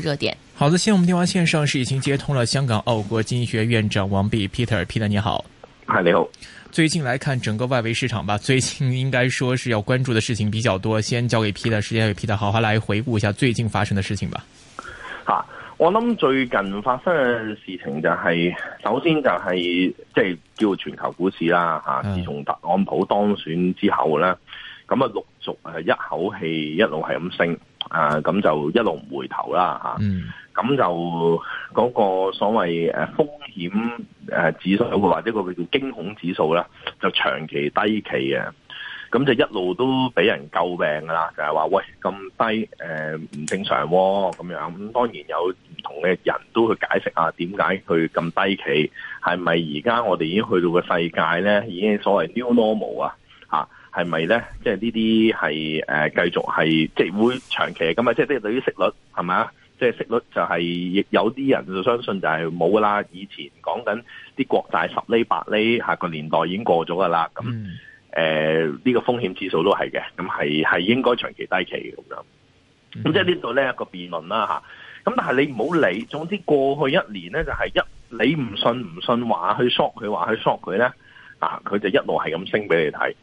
熱點。好的，咁先，我們電話線上是已經接通了香港澳國經濟學院院長王弼 Peter Peter，你好，係你好。最近來看整個外圍市場吧，最近應該說是要關注的事情比較多，先交給 Peter，時間畀 Peter，好，好來回顧一下最近發生的事情吧。啊，我諗最近發生嘅事情就係、是，首先就係即係叫全球股市啦吓、啊啊，自從特朗普當選之後呢，咁啊陸續一口氣一路係咁升。啊，咁就一路唔回頭啦，嗯、啊、咁就嗰個所謂、啊、風險、啊、指數，或者個叫做驚恐指數啦、啊，就長期低企嘅，咁就一路都俾人詬病噶啦，就係、是、話喂咁低誒唔、呃、正常喎、啊，咁樣咁當然有唔同嘅人都去解釋啊，點解佢咁低企，係咪而家我哋已經去到個世界咧已經所謂 new normal 啊，係咪咧？即係呢啲係誒，繼續係即係會長期咁啊！即係對於息率係嘛，即係息率就係有啲人就相信就係冇噶啦。以前講緊啲國債十厘八厘，下個年代已經過咗噶啦。咁誒，呢個風險指數都係嘅。咁係，係應該長期低期咁樣。咁即係呢度呢一個辯論啦吓。咁但係你唔好理，總之過去一年咧就係一你唔信唔信，話去 short 佢，話去 short 佢咧啊，佢就一路係咁升俾你睇。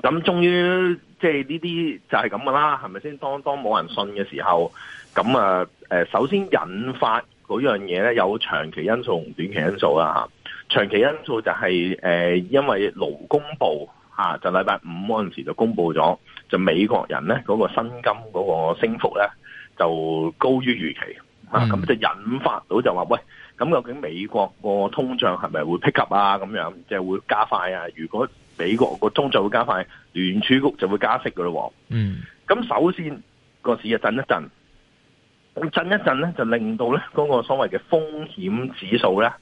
咁終於即係呢啲就係咁噶啦，係咪先？當當冇人信嘅時候，咁啊，誒，首先引發嗰樣嘢咧，有長期因素同短期因素啦吓。長期因素就係、是、誒、呃，因為勞工部吓、啊、就禮拜五嗰陣時就公布咗，就美國人咧嗰、那個薪金嗰個升幅咧就高於預期啊，咁就引發到就話喂，咁究竟美國個通脹係咪會 pick up 啊？咁樣即係、就是、會加快啊？如果美國個通就會加快，聯儲局就會加息噶咯。嗯，咁首先個市就震一震，震一震咧就令到咧嗰個所謂嘅風險指數咧，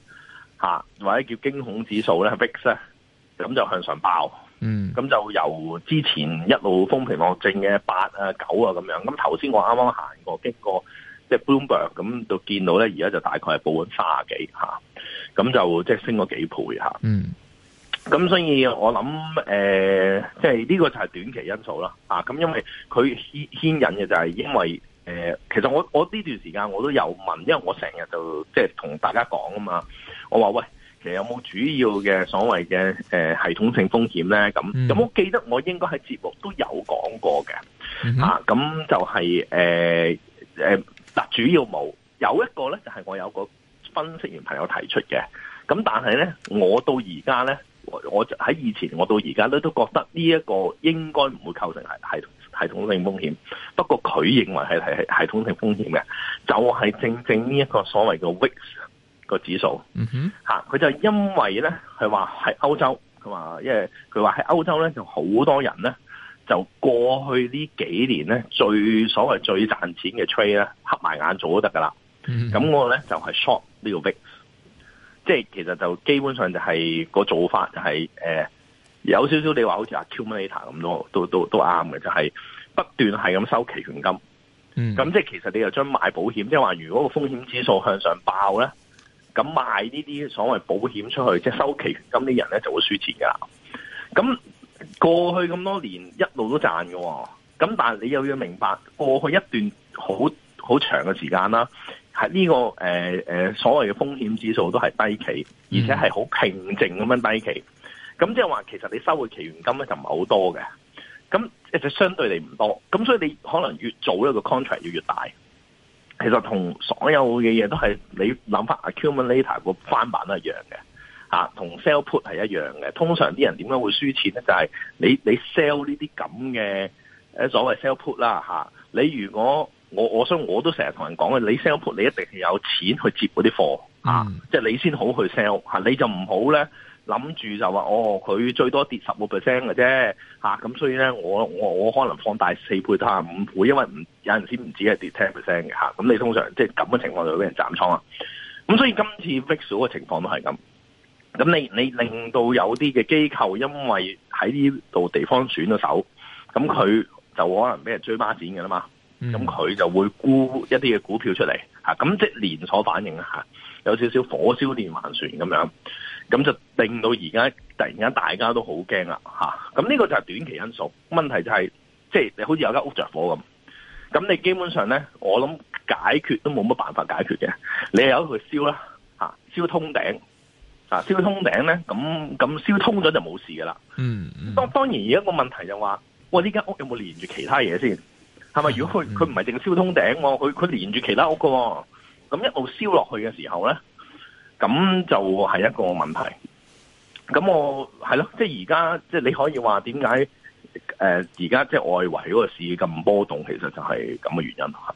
吓或者叫驚恐指數咧，VIX，咁就向上爆。嗯，咁就由之前一路風平浪靜嘅八啊九啊咁樣，咁頭先我啱啱行過經過即係 Bloomberg 咁就見到咧，而家就大概係報緊卅幾吓，咁就即係升咗幾倍吓。嗯。咁所以我，我諗誒，即係呢個就係短期因素啦，啊，咁因為佢牽牽引嘅就係因為誒、呃，其實我我呢段時間我都有問，因為我成日就即係同大家講啊嘛，我話喂，其實有冇主要嘅所謂嘅誒系統性風險咧？咁咁、mm-hmm. 我記得我應該喺節目都有講過嘅，啊，咁就係誒誒，嗱、呃呃，主要冇，有一個咧就係、是、我有個分析員朋友提出嘅，咁但係咧，我到而家咧。我就喺以前，我到而家咧，都覺得呢一個應該唔會構成系統性風險。不過佢認為係系統性風險嘅，就係正正呢一個所謂嘅 VIX 個指數。嗯哼，吓，佢就因為咧，佢話喺歐洲，佢話因為佢話喺歐洲咧，就好多人咧，就過去呢幾年咧最所謂最賺錢嘅 trade 咧，瞌埋眼做都得㗎喇。咁我咧就係 short 呢個 VIX。即係其實就基本上就係個做法就係、是、誒、呃、有少少你話好似 accumulator 咁都都都都啱嘅，就係、是、不斷係咁收期權金。咁、嗯、即係其實你又將賣保險，即係話如果個風險指數向上爆咧，咁賣呢啲所謂保險出去，即係收期權金啲人咧就會輸錢噶啦。咁過去咁多年一路都賺喎、哦。咁但係你又要明白過去一段好好長嘅時間啦。係呢、這個誒誒、呃呃、所謂嘅風險指數都係低企，而且係好平靜咁樣低企，咁即係話其實你收嘅期權金咧就唔係好多嘅，咁其實就相對嚟唔多，咁所以你可能越早一個 contract 要越，越大。其實同所有嘅嘢都係你諗翻 accumulator 個翻版都一樣嘅，吓、啊、同 sell put 係一樣嘅。通常啲人點解會輸錢咧？就係、是、你你 sell 呢啲咁嘅誒所謂 sell put 啦、啊、吓，你如果。我我所以我都成日同人講嘅，你 sell put 你一定係有錢去接嗰啲貨啊，即係你先好去 sell，你就唔好咧諗住就話哦佢最多跌十個 percent 嘅啫，吓咁、啊、所以咧我我我可能放大四倍到吓五倍，因為唔有陣時唔止係跌 ten percent 嘅吓，咁你通常即係咁嘅情況就會俾人斬倉啦，咁所以今次 VIX 嘅情況都係咁，咁你你令到有啲嘅機構因為喺呢度地方選咗手，咁佢就可能俾人追孖展㗎啦嘛。咁、嗯、佢就會沽一啲嘅股票出嚟，咁即連鎖反應有少少火燒連環船咁樣，咁就定到而家突然間大家都好驚啦，咁呢個就係短期因素。問題就係、是、即係你好似有間屋着火咁，咁你基本上咧，我諗解決都冇乜辦法解決嘅，你有佢燒啦燒通頂啊，燒通頂咧，咁、啊、咁燒通咗就冇事噶啦。嗯，嗯。當當然而家個問題就話，喂，呢間屋有冇連住其他嘢先？係咪？如果佢佢唔係淨係燒通頂，佢佢連住其他屋嘅，咁一路燒落去嘅時候咧，咁就係一個問題。咁我係咯，即係而家，即係你可以話點解？誒、呃，而家即係外圍嗰個市咁波動，其實就係咁嘅原因吓。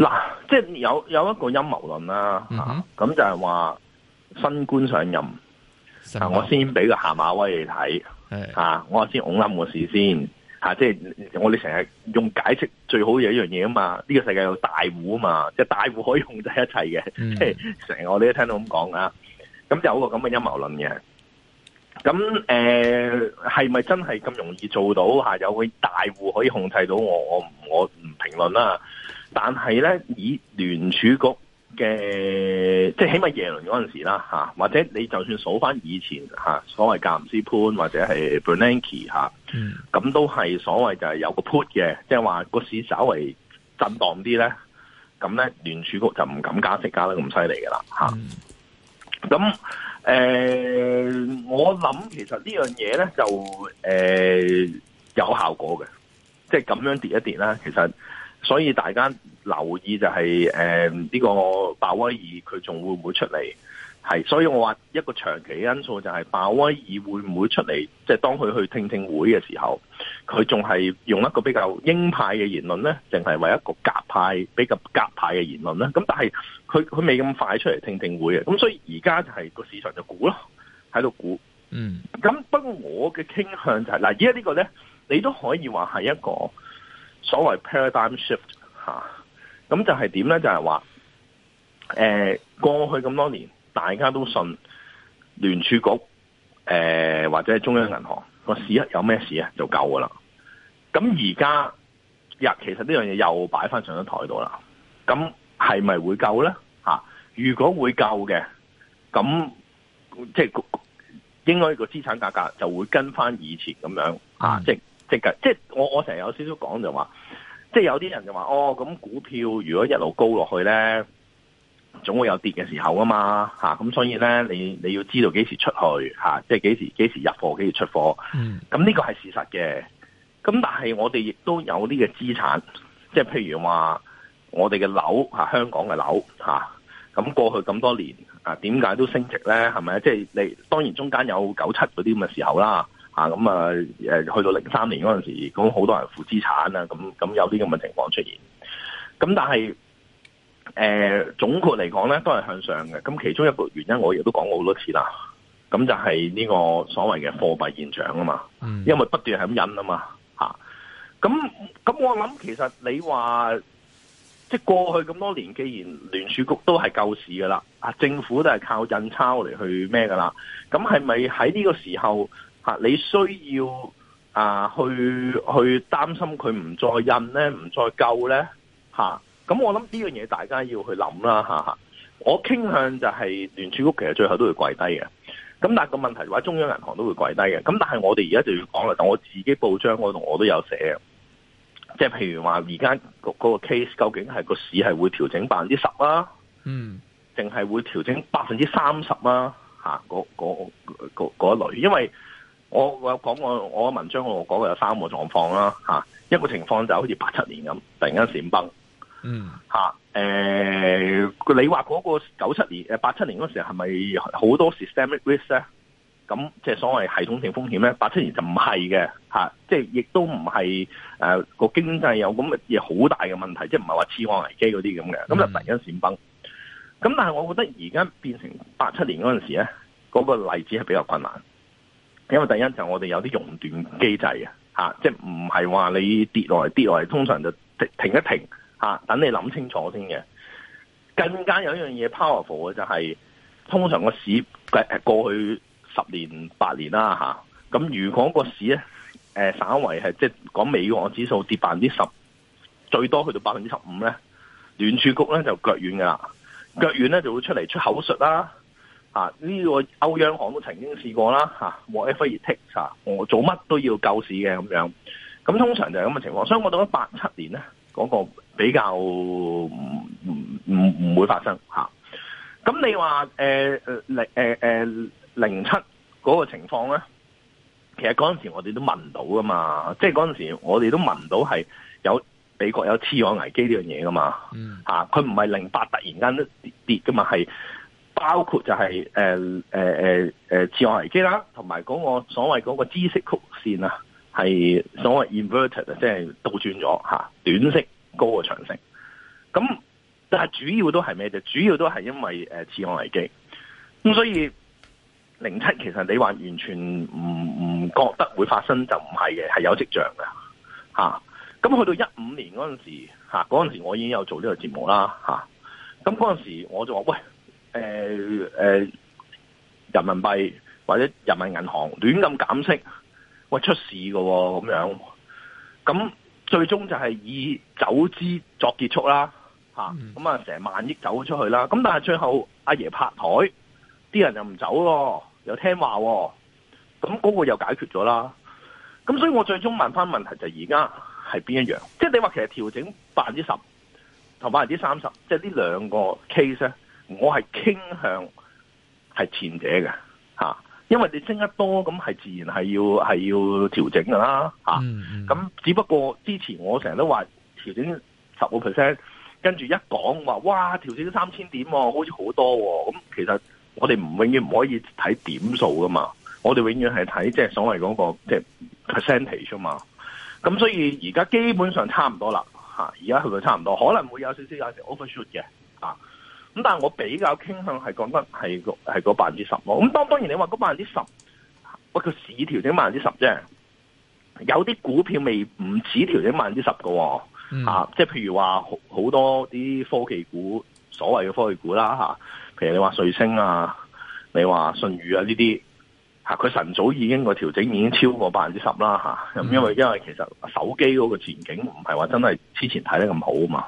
嗱，即係有有一個陰謀論啦咁、啊 mm -hmm. 就係話新官上任，啊、我先俾個下馬威你睇、啊、我先拱冧個事先、啊、即係我哋成日用解釋最好嘅一樣嘢啊嘛，呢、呢個世界有大戶啊嘛，即係大戶可以控制一切嘅，mm -hmm. 即係成日我哋都聽到咁講啊，咁有個咁嘅陰謀論嘅，咁誒係咪真係咁容易做到嚇、啊？有個大戶可以控制到我我我唔評論啦、啊。但係咧，以聯儲局嘅即係起碼耶倫嗰陣時啦，或者你就算數翻以前所謂格林斯潘或者係 Bernanke 嚇、嗯，咁、啊、都係所謂就係有個 put 嘅，即係話個市稍微震盪啲咧，咁咧聯儲局就唔敢加息加得咁犀利噶啦，咁誒，我諗其實呢樣嘢咧就誒、呃、有效果嘅，即係咁樣跌一跌啦，其實。所以大家留意就係誒呢個鮑威爾佢仲會唔會出嚟？係所以我話一個長期因素就係鮑威爾會唔會出嚟？即係當佢去聽聽會嘅時候，佢仲係用一個比較鷹派嘅言論咧，定係為一個鴿派比較鴿派嘅言論咧？咁但係佢佢未咁快出嚟聽聽會嘅，咁所以而家就係個市場就估咯，喺度估。嗯，咁不過我嘅傾向就係嗱，而家呢個咧，你都可以話係一個。所謂 paradigm shift 嚇、啊，咁就係點咧？就係、是、話，誒、呃、過去咁多年大家都信聯儲局誒、呃、或者係中央銀行個市有咩事，啊就夠噶啦。咁而家又其實呢樣嘢又擺翻上咗台度啦。咁係咪會夠咧？嚇、啊，如果會夠嘅，咁即係應該個資產價格就會跟翻以前咁樣啊、嗯，即即係，即係我我成日有少少講就話，即係有啲人就話哦，咁股票如果一路高落去咧，總會有跌嘅時候啊嘛，吓、啊、咁所以咧，你你要知道幾時出去吓、啊，即係幾時幾時入貨，幾時出貨，咁呢個係事實嘅。咁但係我哋亦都有呢個資產，即係譬如話我哋嘅樓吓，香港嘅樓吓，咁、啊、過去咁多年啊，點解都升值咧？係咪？即係你當然中間有九七嗰啲咁嘅時候啦。啊，咁啊，誒，去到零三年嗰陣時，咁好多人負資產啊，咁咁有啲咁嘅情況出現。咁但係，誒、呃，總括嚟講咧，都係向上嘅。咁其中一個原因，我亦都講過好多次啦。咁就係呢個所謂嘅貨幣現象啊嘛、嗯，因為不斷係咁印啊嘛，吓、啊。咁咁我諗，其實你話，即、就、係、是、過去咁多年，既然聯儲局都係救市噶啦，啊，政府都係靠印鈔嚟去咩噶啦，咁係咪喺呢個時候？吓，你需要啊，去去擔心佢唔再印咧，唔再夠咧，吓、啊、咁我諗呢樣嘢大家要去諗啦，吓、啊、吓。我傾向就係聯儲局，其實最後都會跪低嘅，咁但係個問題就話中央銀行都會跪低嘅，咁但係我哋而家就要講啦，我自己報章我同我都有寫嘅，即、就、係、是、譬如話而家嗰個 case 究竟係個市係會調整百分之十啦，嗯，定係會調整百分之三十啦？吓嗰嗰嗰一類，因為。我有講過我講我我文章我講嘅有三個狀況啦吓，一個情況就好似八七年咁，突然間閃崩，嗯吓，誒、嗯，你話嗰個九七年誒八七年嗰時係咪好多 systemic risk 咧？咁即係所謂系統性風險咧？八七年就唔係嘅吓，即係亦都唔係誒個經濟有咁嘅嘢好大嘅問題，即係唔係話次貸危機嗰啲咁嘅，咁就突然間閃崩。咁、嗯、但係我覺得而家變成八七年嗰陣時咧，嗰、那個例子係比較困難。因為第一就是我哋有啲熔斷機制嘅，吓、啊，即係唔係話你跌落嚟，跌落嚟，通常就停一停，吓、啊，等你諗清楚先嘅。更加有一樣嘢 powerful 嘅就係、是，通常個市過去十年八年啦，吓、啊，咁如果個市咧，誒、呃，稍微係即係講美國指數跌百分之十，最多去到百分之十五咧，聯儲局咧就腳軟噶啦，腳軟咧就會出嚟出口術啦。啊！呢、這個歐央行都曾經試過啦，吓 whatever it takes 我做乜都要救市嘅咁樣。咁通常就係咁嘅情況，所以我到咗八七年咧，嗰、那個比較唔唔唔唔會發生吓。咁、啊、你話誒誒誒零七嗰個情況咧，其實嗰陣時我哋都聞到噶嘛，即係嗰陣時我哋都聞到係有美國有次貸危機呢樣嘢噶嘛，吓佢唔係零八突然間都跌跌噶嘛，係。包括就係誒誒次按危機啦，同埋嗰個所謂嗰個孳息曲線啊，係所謂 inverted，即係倒轉咗、啊、短息高過長息。咁但係主要都係咩啫？主要都係因為、呃、次按危機。咁所以零七其實你話完全唔唔覺得會發生就唔係嘅，係有跡象嘅嚇。咁、啊、去到一五年嗰陣時嚇，嗰陣時我已經有做呢個節目啦嚇。咁、啊、嗰陣時我就話喂。誒、呃、誒、呃，人民幣或者人民銀行亂咁減息，喂，出事嘅，咁、哦、樣，咁最終就係以走資作結束啦，吓咁啊成萬億走咗出去啦，咁但係最後阿爺拍台，啲人又唔走咯，又聽話，咁嗰個又解決咗啦，咁所以我最終問翻問，問題就係而家係邊一樣？即係你話其實調整百分之十同百分之三十，即係呢兩個 case 咧。我係傾向係前者嘅嚇，因為你升得多咁，係自然係要係要調整嘅啦嚇。咁、mm -hmm. 只不過之前我成日都話調整十個 percent，跟住一講話哇調整咗三千點喎、哦，好似好多喎、哦。咁其實我哋唔永遠唔可以睇點數噶嘛，我哋永遠係睇即係所謂嗰、那個即係 percentage 嘛。咁所以而家基本上差唔多啦嚇，而家係咪差唔多？可能會有少少有時 overshoot 嘅。咁但係我比較傾向係講緊係個係百分之十咯。咁當當然你話嗰百分之十，不過市調整百分之十啫。有啲股票未唔止調整百分之十噶，啊，即、嗯、係譬如話好，好多啲科技股，所謂嘅科技股啦吓、啊，譬如你話瑞聲啊，你話舜宇啊呢啲，吓、啊、佢晨早已經個調整已經超過百分之十啦吓。咁、啊、因為因為其實手機嗰個前景唔係話真係之前睇得咁好啊嘛，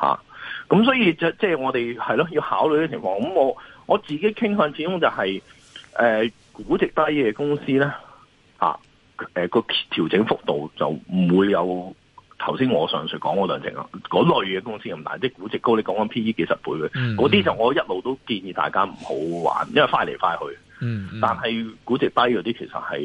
吓。咁所以就即係、就是、我哋係咯，要考慮嘅情況。咁我我自己傾向始終就係、是，誒、呃，估值低嘅公司咧，吓、啊，誒個調整幅度就唔會有頭先我上述講嗰兩成啦。嗰類嘅公司咁大，即係估值高，你講緊 P E 幾十倍嘅，嗰啲、mm-hmm. 就我一路都建議大家唔好玩，因為快嚟快去。嗯、mm-hmm. 但係估值低嗰啲其實係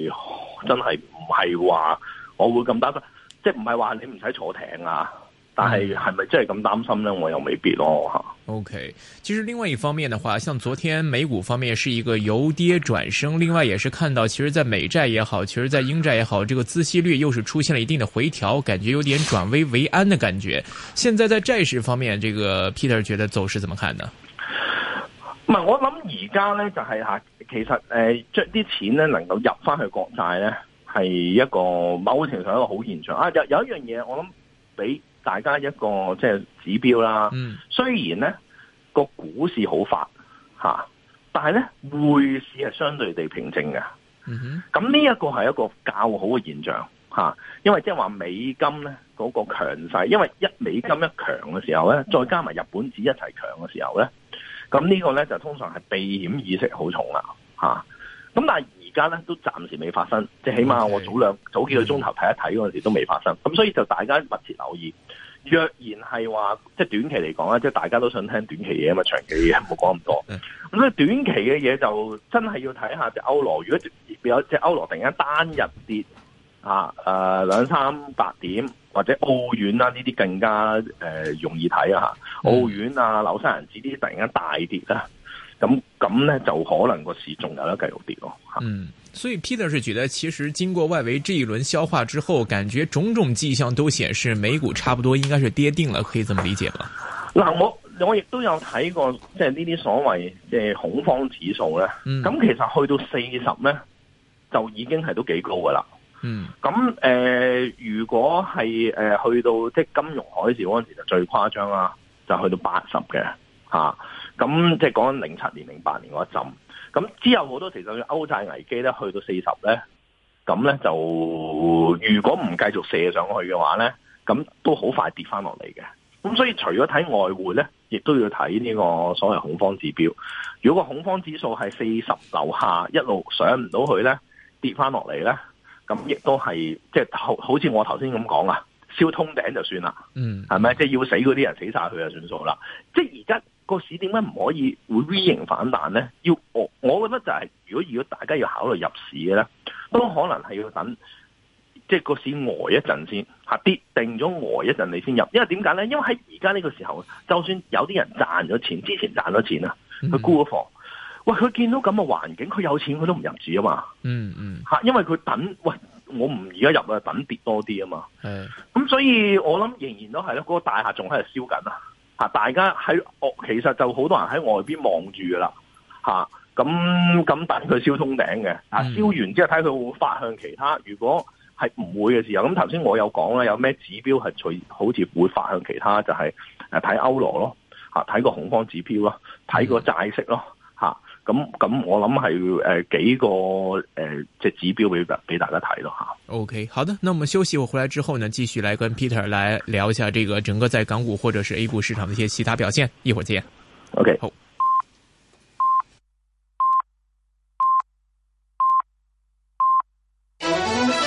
真係唔係話我會咁擔心，即係唔係話你唔使坐艇啊。但係係咪真係咁擔心呢？我又未必咯吓。OK，其實另外一方面的話，像昨天美股方面是一個由跌轉升，另外也是看到，其實，在美債也好，其實在英債也好，這個孳息率又是出現了一定的回調，感覺有點轉危為安的感覺。現在在債市方面，這個 Peter 覺得走勢怎麼看呢？唔係，我諗而家呢，就係吓，其實誒，將啲錢呢能夠入翻去國債呢，係一個某程度上一個好現象。啊，有有一樣嘢，我諗俾大家一個即係指標啦。雖然咧個股市好發嚇，但係咧匯市係相對地平靜嘅。咁呢一個係一個較好嘅現象嚇，因為即係話美金咧嗰個強勢，因為一美金一強嘅時候咧，再加埋日本紙一齊強嘅時候咧，咁呢個咧就通常係避險意識好重啦嚇。咁但係。而家咧都暫時未發生，即係起碼我早兩早幾個鐘頭睇一睇嗰陣時都未發生，咁所以就大家密切留意。若然係話，即係短期嚟講咧，即係大家都想聽短期嘢啊嘛，長期嘢冇講咁多。咁所以短期嘅嘢就真係要睇下隻歐羅。如果有隻歐羅突然間單日跌啊，誒、呃、兩三百點或者澳元啦呢啲更加誒、呃、容易睇啊嚇。澳元啊、紐西蘭紙啲突然間大跌啦。咁咁咧就可能個市仲有得繼續跌咯。嗯，所以 Peter 是覺得，其實經過外圍這一輪消化之後，感覺種種跡象都顯示美股差不多應該是跌定了，可以這麼理解吧？嗱，我我亦都有睇過，即係呢啲所謂即恐慌指數咧。咁、嗯、其實去到四十咧就已經係都幾高噶啦。嗯。咁誒，如果係誒去到即係金融海嘯嗰陣時就最誇張啦，就去到八十嘅吓。咁即係講緊零七年、零八年嗰一陣，咁之後好多其實歐債危機咧，去到四十咧，咁咧就如果唔繼續射上去嘅話咧，咁都好快跌翻落嚟嘅。咁所以除咗睇外匯咧，亦都要睇呢個所謂恐慌指標。如果個恐慌指數係四十樓下一路上唔到去咧，跌翻落嚟咧，咁亦都係即係好好似我頭先咁講啊，燒通頂就算啦，嗯，係咪即係要死嗰啲人死晒佢就算數啦。即係而家。個市點解唔可以會 V 型反彈咧？要我，我覺得就係、是，如果如果大家要考慮入市嘅咧，都可能係要等，即係個市呆一陣先吓跌定咗，呆一陣你先入。因為點解咧？因為喺而家呢個時候，就算有啲人賺咗錢，之前賺咗錢啊，佢沽咗房，嗯，喂，佢見到咁嘅環境，佢有錢佢都唔入市啊嘛。嗯嗯吓，因為佢等喂，我唔而家入去等跌多啲啊嘛。嗯，咁，嗯嗯、所以我諗仍然都係咧，個、那個大廈仲喺度燒緊啊。吓！大家喺其實就好多人喺外邊望住啦，吓，咁咁等佢燒通頂嘅，啊燒、啊、完之後睇佢會唔會發向其他？如果係唔會嘅時候，咁頭先我有講啦，有咩指標係隨好似會發向其他，就係誒睇歐羅咯，吓、啊、睇個恐慌指標咯，睇個債息咯，吓、啊。咁咁，我諗係誒幾個誒，即、呃、係指標俾大俾大家睇咯吓。啊、o、OK，好的，那我們休息，我回來之後呢，繼續來跟 Peter 來聊一下這個整個在港股或者是 A 股市場的一些其他表現。一會兒見。O、OK，好。